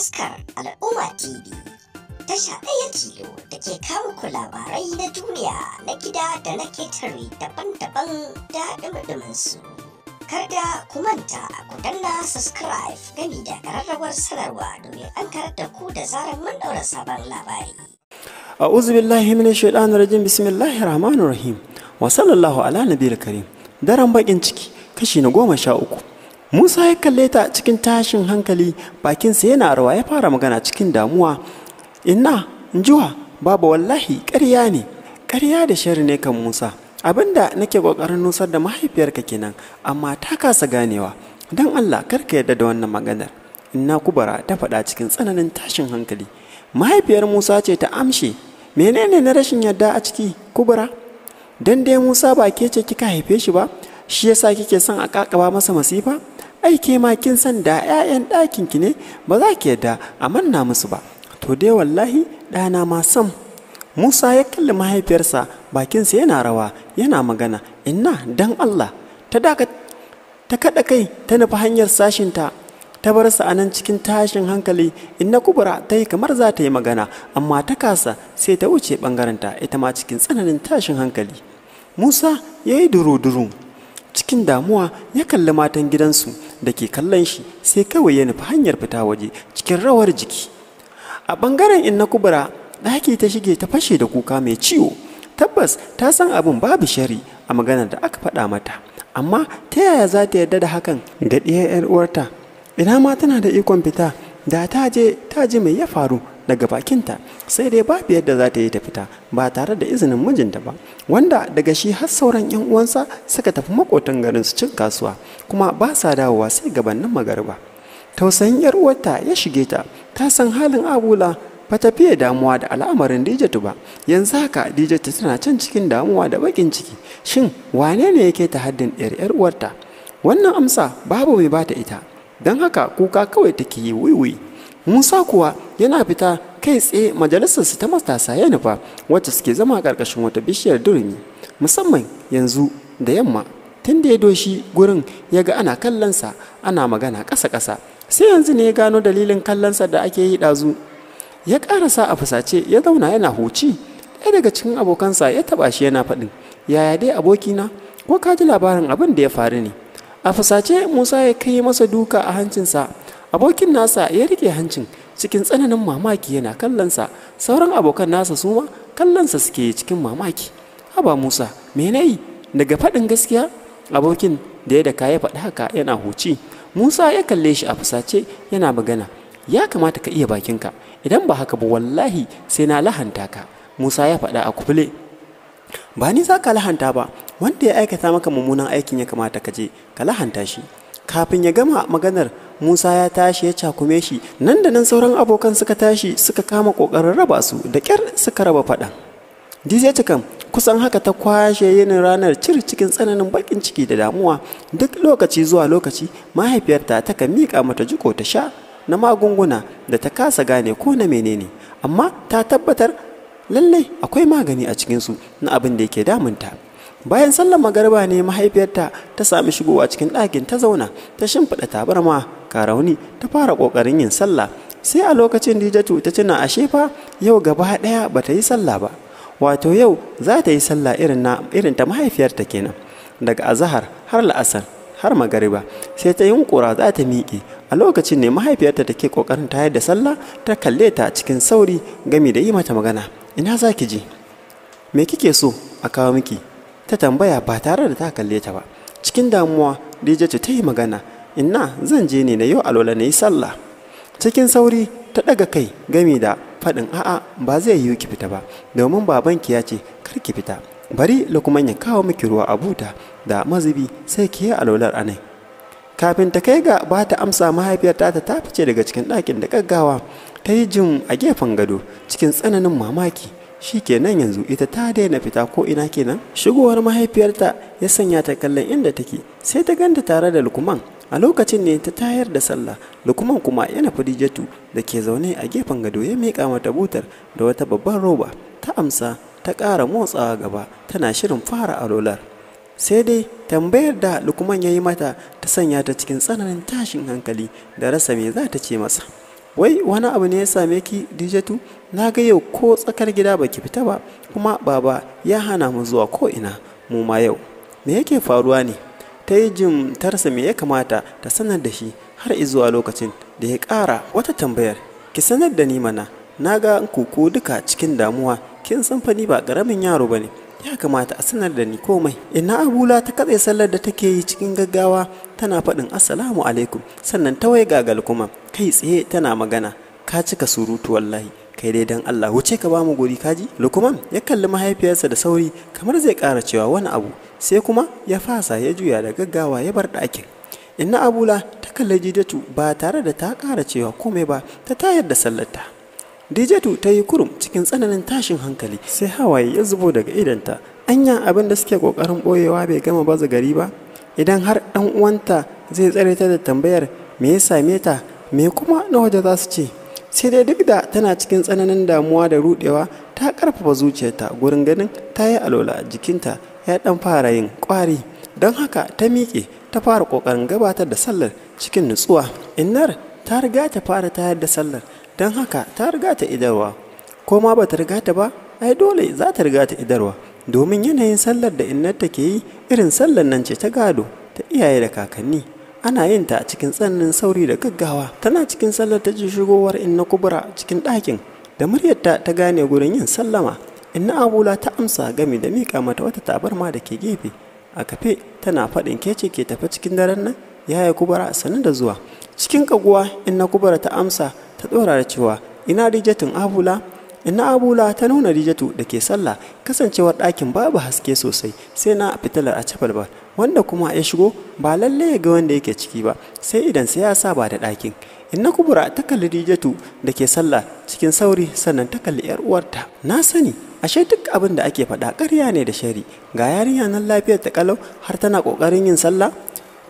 fuskar al'umma tv tasha ɗaya tilo da ke kawo ku labarai na duniya na gida da na ketare daban-daban da ɗumɗumin su karda ku manta ku danna subscribe gami da ƙararrawar sanarwa domin an karar da ku da zarar mun ɗaura sabon labari a'udhu billahi minash shaitanir rajim bismillahir rahmanir rahim wa sallallahu ala nabiyil karim daren bakin ciki kashi na goma sha uku Musa ya kalle ta cikin tashin hankali bakinsa yana rawa ya fara magana cikin damuwa. Inna, njuwa, babu wallahi ƙarya ne, ƙarya da shari ne kan Musa. Abinda nake kokarin nusar da mahaifiyarka kenan, amma ta kasa ganewa. dan Allah kar ka yarda da wannan maganar. Inna kubara ta faɗa cikin tsananin tashin hankali. Mahaifiyar Musa ce ta amshe, menene na rashin yarda a ciki kubara? Dan dai Musa ba ke ce kika haife shi ba, shi yasa kike son a kakaba masa masifa ai ke ma kin san da 'ya'yan ɗakin ki ne ba za ki yadda a manna musu ba to dai wallahi ɗana ma sam musa ya kalli mahaifiyarsa bakinsa yana rawa yana magana inna dan allah ta kaɗa kai ta nufi hanyar sashinta ta bar sa nan cikin tashin hankali inna kubura ta yi kamar za ta yi magana amma ta kasa sai ta wuce ɓangarenta ita ma cikin tsananin tashin hankali musa ya yi duru-duru cikin damuwa ya kalli matan gidansu da ke kallon shi sai kawai ya nufi hanyar fita waje cikin rawar jiki a ɓangaren inna kubura ɗaki ta shige ta fashe da kuka mai ciwo tabbas ta san abin babu shari a maganar da aka faɗa mata amma ta yaya za ta yarda da hakan ga ɗiyar 'yar uwarta ina ma tana da ikon fita da ta je ji mai ya faru daga bakinta sai dai babu yadda za ta yi ta fita ba tare da izinin mijinta ba wanda daga shi har sauran yan uwansa suka tafi makotan garin su cin kasuwa kuma ba sa dawowa sai gabanin magariba tausayin yar uwarta ya shige ta ta san halin abula ba ta fiye damuwa da al'amarin dijatu ba yanzu haka dijatu tana can cikin damuwa da bakin ciki shin wane ne yake ta haddin yar yar uwarta wannan amsa babu mai bata ita don haka kuka kawai take yi wiwi musa kuwa yana fita kai tsaye majalisarsu ta matasa ya nufa wacce suke zama a ƙarƙashin wata bishiyar durumi musamman yanzu da yamma tun da ya doshi gurin ya ga ana kallonsa ana magana ƙasa-ƙasa sai yanzu ne ya gano dalilin kallonsa da ake yi ɗazu ya ƙarasa a fusace ya zauna yana huci ɗaya daga cikin abokansa ya taɓa shi yana faɗin yaya dai abokina ko ka ji labarin abin da ya faru ne a fusace musa ya kai masa duka a hancinsa abokin nasa ya rike hancin cikin tsananin mamaki yana kallonsa sauran abokan nasa su ma kallonsa suke cikin mamaki haba musa me na yi daga faɗin gaskiya abokin da ya daka ya faɗi haka yana huci musa ya kalle shi a fusace yana magana ya kamata ka iya bakinka idan ba haka ba wallahi sai na lahanta ka musa ya faɗa a kufule ba ni za ka lahanta ba wanda ya aikata maka mummunan aikin ya kamata ka je ka lahanta shi kafin ya gama maganar Musa ya tashi ya cakume shi nan da nan sauran abokan suka tashi suka kama kokarin raba su da kyar suka raba faɗan. Dizya cikan kusan haka ta kwashe yin ranar cir cikin tsananin baƙin ciki da damuwa duk lokaci zuwa lokaci mahaifiyarta ta ka miƙa mata jiko ta sha na magunguna da ta kasa gane ko na menene amma ta tabbatar lallai akwai magani a cikinsu na abin da yake damunta. bayan sallar magarba ne mahaifiyarta ta sami shigowa cikin ɗakin ta zauna ta shimfiɗa tabarma karauni ta fara ƙoƙarin yin sallah sai a lokacin dijatu ta tuna ashefa shefa yau gaba ɗaya ba ta yi sallah ba wato yau za ta yi sallah irin ta mahaifiyarta kenan daga azahar har la'asar har magariba sai ta yunkura za ta miƙe a lokacin ne mahaifiyarta take ƙoƙarin tayar da sallah ta kalle ta cikin sauri gami da yi mata magana ina za ki je me kike so a kawo miki ta tambaya ba tare da ta kalle ta ba cikin damuwa Lijatu ta yi magana ina zan je ne na yau alola na yi sallah cikin sauri ta ɗaga kai gami da faɗin a'a ba zai yiwu ki fita ba domin babanki ya ce kar ki fita bari lukman ya kawo miki ruwa a buta da mazubi sai ki yi alolar anai kafin ta kai ga ba ta amsa mahaifiyarta ta ta fice daga cikin ɗakin da gaggawa ta yi jin a gefen gado cikin tsananin mamaki shi kenan yanzu ita ta daina fita ko ina kenan shigowar mahaifiyarta ya sanya ta kallon inda take sai ta ganta tare da lukuman. a lokacin ne ta tayar da sallah lukuman kuma yana fadijatu da ke zaune a gefen gado ya miƙa mata butar da wata babbar roba ta amsa ta ƙara motsawa gaba tana shirin fara alolar sai dai tambayar da lukuman ya yi mata ta sanya ta cikin tsananin tashin hankali da rasa me za ta ce masa wai wani abu ne ya same ki dijatu na ga yau ko tsakar gida baki fita ba kuma baba ya hana mu zuwa ko ina mu ma yau me yake faruwa ne ta yi jin tarsa me ya kamata ta sanar da shi har izuwa lokacin da ya ƙara wata tambayar ki sanar da ni mana na ga kuku duka cikin damuwa kin san fa ni ba ƙaramin yaro ba ne ya kamata a sanar da ni komai ina abula ta katse sallar da take yi cikin gaggawa tana faɗin assalamu alaikum sannan ta wai gagal kuma kai tsaye tana magana ka cika surutu wallahi kai dai dan Allah wuce ka bamu gori kaji lukman ya kalli mahaifiyarsa da sauri kamar zai ƙara cewa wani abu sai kuma ya fasa ya juya da gaggawa ya bar ɗakin inna abula ta kalli jidatu ba tare da ta ƙara cewa komai ba ta tayar da sallarta dijatu ta yi kurum cikin tsananin tashin hankali sai hawaye ya zubo daga idanta anya abin da suke ƙoƙarin ɓoyewa bai gama baza gari ba idan har ɗan uwanta zai tsare ta da tambayar me ya same ta me kuma na waje za su ce sai dai duk da tana cikin tsananin damuwa da rudewa ta ƙarfafa zuciyarta gurin ganin ta yi alola jikinta ya dan fara yin kwari don haka ta miƙe ta fara ƙoƙarin gabatar da sallar cikin nutsuwa innar ta riga ta fara tayar da sallar don haka ta riga ta idarwa ko ma ba ta riga ta ba ai dole za ta riga ta idarwa domin yanayin sallar da innarta ke yi irin sallar nan ce ta gado ta iyaye da kakanni ana yin ta a cikin tsananin sauri da gaggawa tana cikin sallar ta ji shigowar inna kubura cikin ɗakin da muryarta ta gane gurin yin sallama inna abula ta amsa gami da miƙa mata wata tabarma da ke gefe a kafe tana faɗin kece ke tafi cikin daren nan yaya kubara sanin da zuwa cikin kaguwa inna kubara ta amsa ta ɗora da cewa ina rijatun abula ina abula ta nuna rijatu da ke sallah kasancewar ɗakin babu haske sosai sai na fitilar a ba, wanda kuma ya shigo ba lalle ya ga wanda yake ciki ba sai idan sai ya saba da ɗakin inna kubura ta kalli rijatu da ke sallah cikin sauri sannan ta kalli yar uwarta na sani ashe duk abin da ake faɗa ƙarya ne da shari ga yarinya nan lafiyar ta kalau har tana ƙoƙarin yin sallah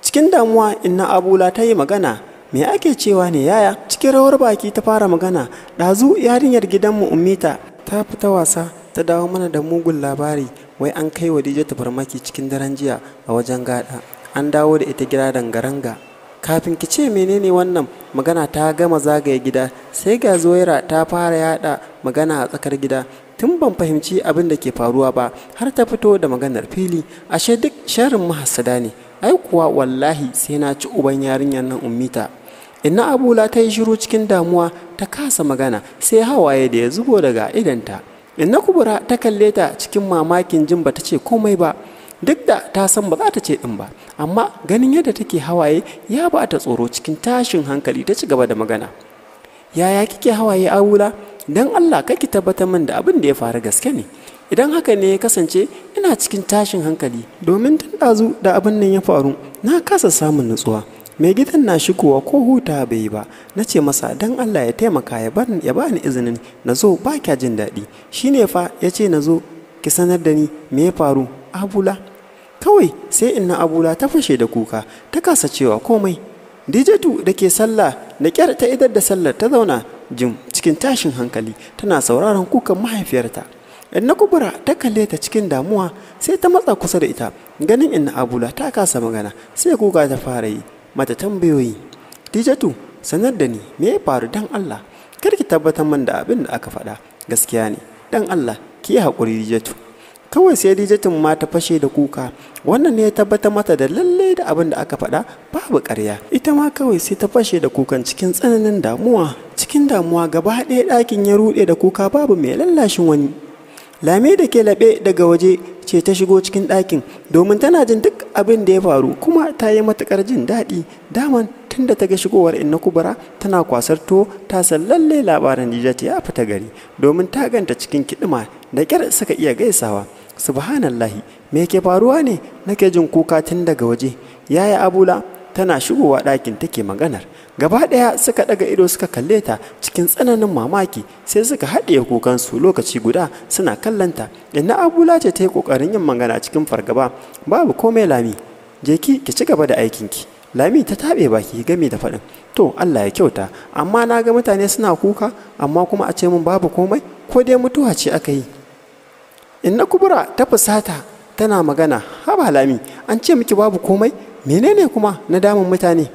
cikin damuwa inna abula ta yi magana me ake cewa ne yaya cikin rawar baki ta fara magana ɗazu yarinyar gidanmu ummita ta fita wasa ta dawo mana da mugun labari wai an kai wa ta farmaki cikin daren jiya a wajen gada an dawo da ita gida dangaranga kafin ki ce menene wannan magana ta gama zagaya gida sai ga zoyara ta fara yada magana a tsakar gida tun ban fahimci abin da ke faruwa ba har ta fito da maganar fili ashe duk sharrin mahassada ne ai kuwa wallahi sai na ci uban yarinyar nan ummita inna abula ta yi shiru cikin damuwa ta kasa magana sai hawaye da ya zubo daga idanta inna kubura ta kalle ta cikin mamakin jin ba ta ce komai ba duk da ta san ba za ta ce din ba amma ganin yadda take hawaye ya ba ta tsoro cikin tashin hankali ta ci gaba da magana yaya kike hawaye abula don allah kake tabbatar min da abin da ya faru gaske ne idan haka ne ya kasance ina cikin tashin hankali domin tun ɗazu da abin nan ya faru na kasa samun nutsuwa mai gidan na shi kuwa ko huta bai yi ba na ce masa don allah ya taimaka ya bani ya bani izinin na zo ba kya jin daɗi shine fa ya ce na zo ki sanar da ni me ya faru abula kawai sai inna abula ta fashe da kuka ta kasa cewa komai dijatu da ke sallah na kyar ta idar da sallar ta zauna jim cikin tashin hankali tana sauraron kukan mahaifiyarta inna kubura ta kalle ta cikin damuwa sai ta matsa kusa da ita ganin inna abula ta kasa magana sai kuka ta fara yi mata tambayoyi dijatu sanar da ni me ya faru dan allah kar ki tabbatar man da abin da aka faɗa gaskiya ne dan allah ki yi haƙuri dijatu kawai sai dijatun ma ta fashe da kuka wannan ne ya tabbatar mata da lalle da abin da aka faɗa babu ƙarya ita ma kawai sai ta fashe da kukan cikin tsananin damuwa cikin damuwa gaba ɗaya ɗakin ya ruɗe da kuka babu mai lallashin wani lame da ke laɓe daga waje ce ta shigo cikin ɗakin domin tana jin duk abin da ya faru kuma ta yi matuƙar jin daɗi daman tun da ta ga shigowar inna kubara tana kwasar to ta san lalle labaran ta ya fita gari domin ta ganta cikin kiɗima da ƙyar suka iya gaisawa subhanallahi me ke faruwa ne nake jin kuka tun daga waje yaya abula tana shigowa ɗakin take maganar gaba ɗaya suka ɗaga ido suka kalle ta cikin tsananin mamaki sai suka haɗiye kukansu lokaci guda suna kallanta inna abula ce ta yi ƙoƙarin yin magana cikin fargaba babu komai lami jeki ki ki ci gaba da aikinki lami ta taɓe baki gami da faɗin to allah ya kyauta amma na ga mutane suna kuka amma kuma a ce min babu komai ko dai mutuwa ce aka yi inna kubura ta fusata tana magana haba lami an ce miki babu komai menene kuma na damun mutane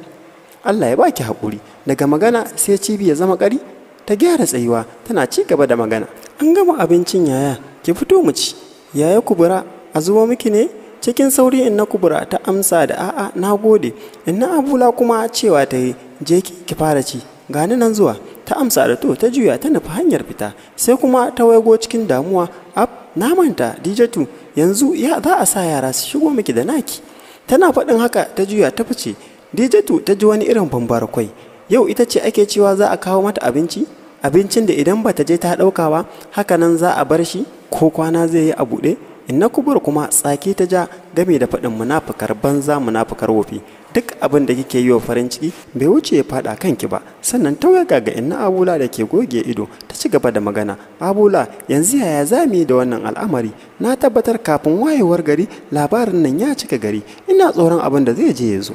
allah ya baki haƙuri daga magana sai cibi ya zama ƙari ta gyara tsayuwa tana ci gaba da magana an gama abincin yaya ki fito mu ci yaya kubura a zuwa miki ne cikin sauri in na kubura ta amsa da a'a na gode in na abula kuma cewa ta yi je ki fara ci gani nan zuwa ta amsa da to ta juya ta nufi hanyar fita sai kuma ta waigo cikin damuwa ab na manta dijatu yanzu ya za a sa yara su shigo miki da naki tana faɗin haka ta juya ta fice dijatu ta ji wani irin bambar kwai yau ita ce ake cewa za a kawo mata abinci abincin da idan ba ta je ta ɗauka ba haka nan za a bar shi ko kwana zai yi a buɗe inna kubur kuma tsaki ta ja game da faɗin munafukar banza munafukar wofi duk abin da kike yi wa farin ciki bai wuce ya faɗa kanki ba sannan ta ga ga inna abula da ke goge ido ta ci gaba da magana abula yanzu yaya za mu yi da wannan al'amari na tabbatar kafin wayewar gari labarin nan ya cika gari ina tsoron abin da zai je ya zo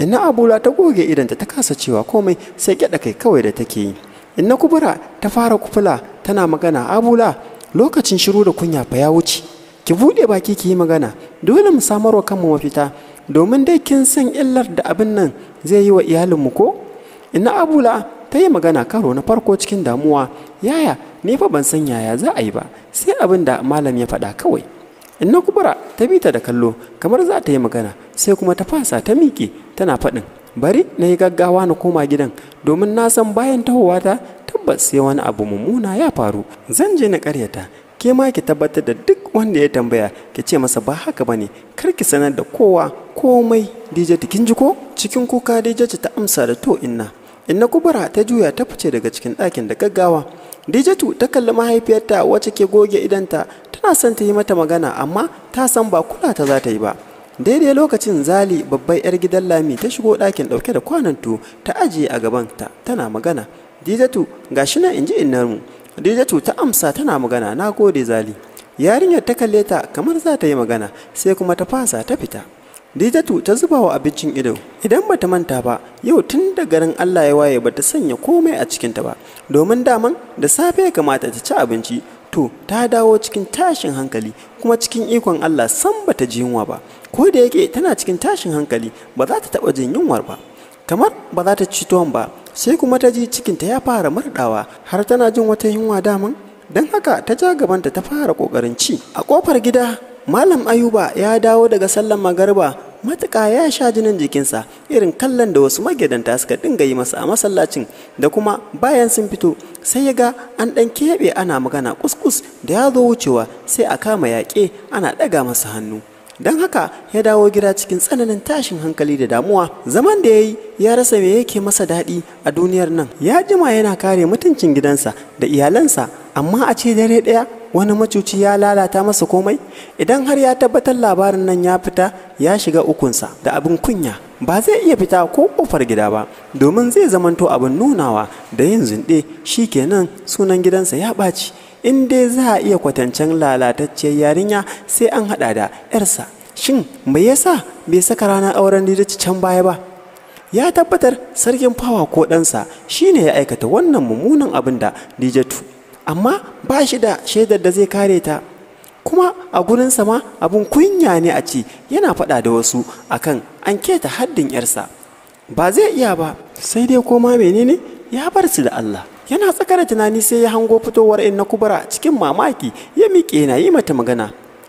inna abula ta goge idanta ta kasa cewa komai sai gyaɗa kai kawai da take yi inna kubura ta fara kufula tana magana abula lokacin shiru da kunya fa ya wuce ki buɗe baki ki yi magana dole mu samarwa kanmu mafita domin dai kin san illar da abin nan zai yi wa iyalinmu ko ina abula ta yi magana karo na farko cikin damuwa yaya ni fa ban san yaya za a yi ba sai abin da malam ya faɗa kawai inna kubura ta bi ta da kallo kamar za ta yi magana sai kuma ta fasa ta miƙe tana faɗin bari na yi gaggawa na koma gidan domin na san bayan tahowata tabbas sai wani abu mummuna ya faru zan je na karyata. ke ma ki tabbatar da duk wanda ya tambaya ki ce masa ba haka bane kar ki sanar da kowa komai DJ kin ji ko cikin kuka DJ ta amsa da to inna inna kubura ta juya ta fice daga cikin ɗakin da gaggawa Dijatu ta kalli mahaifiyarta wacce ke goge idanta tana son ta yi mata magana amma ta san ba kula ta za ta yi ba daidai lokacin zali babbar 'yar gidan lami ta shigo ɗakin ɗauke da kwanantu ta ajiye a gaban ta, tana magana dijatu shi na in ji innarmu Dijatu ta amsa tana magana na gode zali yarinyar ta kalle ta kamar za ta yi magana sai kuma ta fasa ta fita Dijatu ta zuba wa abincin ido idan bata manta ba yau tun da garin Allah ya waye bata sanya komai a cikinta ba domin daman da safe ya kamata ta ci abinci to ta dawo cikin tashin hankali kuma cikin ikon Allah san bata ji yunwa ba ko da yake tana cikin tashin hankali ba za ta taba jin yunwar ba kamar ba za ta ci tuwon ba sai kuma ta ji cikinta ya fara murɗawa har tana jin wata yunwa daman don haka ta ja gabanta ta fara ƙoƙarin ci a ƙofar gida malam ayuba ya dawo daga sallan magarba matuƙa ya sha jinin jikinsa irin kallon da wasu magidanta suka dinga yi masa a masallacin da kuma bayan sun fito sai ya ga an ɗan keɓe ana magana kuskus da ya zo wucewa sai a kama yaƙe ana ɗaga masa hannu don haka ya dawo gida cikin tsananin tashin hankali da damuwa zaman da ya yi ya rasa me yake masa daɗi a duniyar nan ya jima yana kare mutuncin gidansa da iyalansa amma a ce dare ɗaya wani macuci ya lalata masa komai idan har ya tabbatar labarin nan ya fita ya shiga ukunsa da abin kunya ba zai iya fita ko kofar gida ba domin zai zamanto abin nunawa da yin zunɗe shi kenan sunan gidansa ya ɓaci in dai za a iya kwatancen lalatacciyar yarinya sai an haɗa da 'yarsa shin me yasa bai saka ranar auren lidaci can baya ba ya tabbatar sarkin fawa ko ɗansa ne ya aikata wannan mummunan abin da dijatu amma ba shi da shaidar da zai kare ta kuma a gurinsa ma abin kunya ne a ce yana faɗa da wasu akan an keta haddin 'yarsa ba zai iya ba sai dai koma menene ya bar su da Allah yana tsaka da tunani sai ya hango fitowar in na kubura cikin mamaki ya miƙe na yi mata magana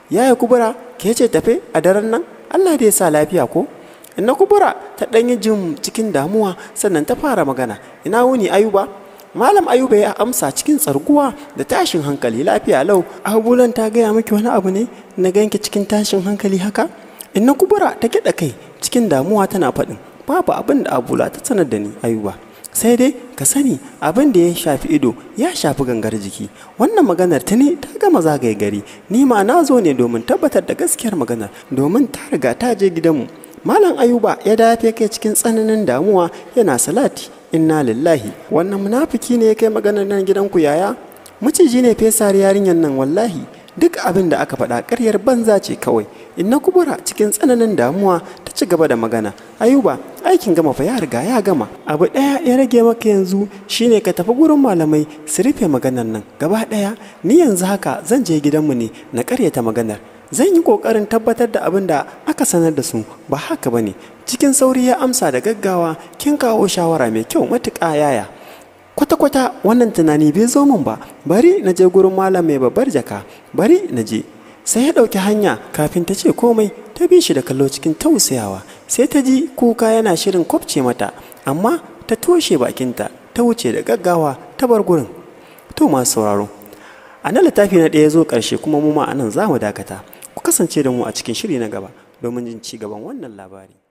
Ya yi kubura ke ce tafe a daren nan allah da ya sa lafiya ko in na kubura ta ɗanyi jin cikin damuwa sannan ta fara magana ina wuni ayuba malam ayuba ya amsa cikin tsarguwa da tashin hankali lafiya lau abulan ta gaya miki wani abu ne na ganki cikin tashin hankali haka in na kubura ta kiɗa kai cikin damuwa tana faɗin babu abin da abula ta sanar da ni ayuba sai dai ka sani abin da ya shafi ido ya shafi gangar jiki wannan maganar ta ne ta gama zagaye gari ni ma na zo ne domin tabbatar da gaskiyar maganar domin ta riga ta je gidanmu malam ayuba ya dafe kai cikin tsananin damuwa yana salati inna lillahi wannan munafiki ne ya kai maganar nan gidanku yaya maciji ne fesar yarinyar nan wallahi duk abin da aka faɗa ƙaryar banza ce kawai inna kubura cikin tsananin damuwa ta ci gaba da magana ayuba aikin gama fa ya riga ya gama abu ɗaya ya rage maka yanzu shine ka tafi gurin malamai su rufe maganar nan gaba ɗaya ni yanzu haka zan je gidanmu ne na karyata maganar zan yi ƙoƙarin tabbatar da abin da aka sanar da su ba haka ba ne cikin sauri ya amsa da gaggawa kin kawo shawara mai kyau matuƙa yaya kwata-kwata wannan tunani bai zo min ba bari na je gurin malam mai babbar jaka bari na je sai ya ɗauki hanya kafin ta ce komai ta bi shi da kallo cikin tausayawa sai ta ji kuka yana shirin kwafce mata amma ta toshe bakinta ta wuce da gaggawa ta bar gurin to masu sauraro a nan littafi na ɗaya zo ƙarshe kuma mu ma anan za mu dakata ku kasance da mu a cikin shiri na gaba domin jin ci gaban wannan labari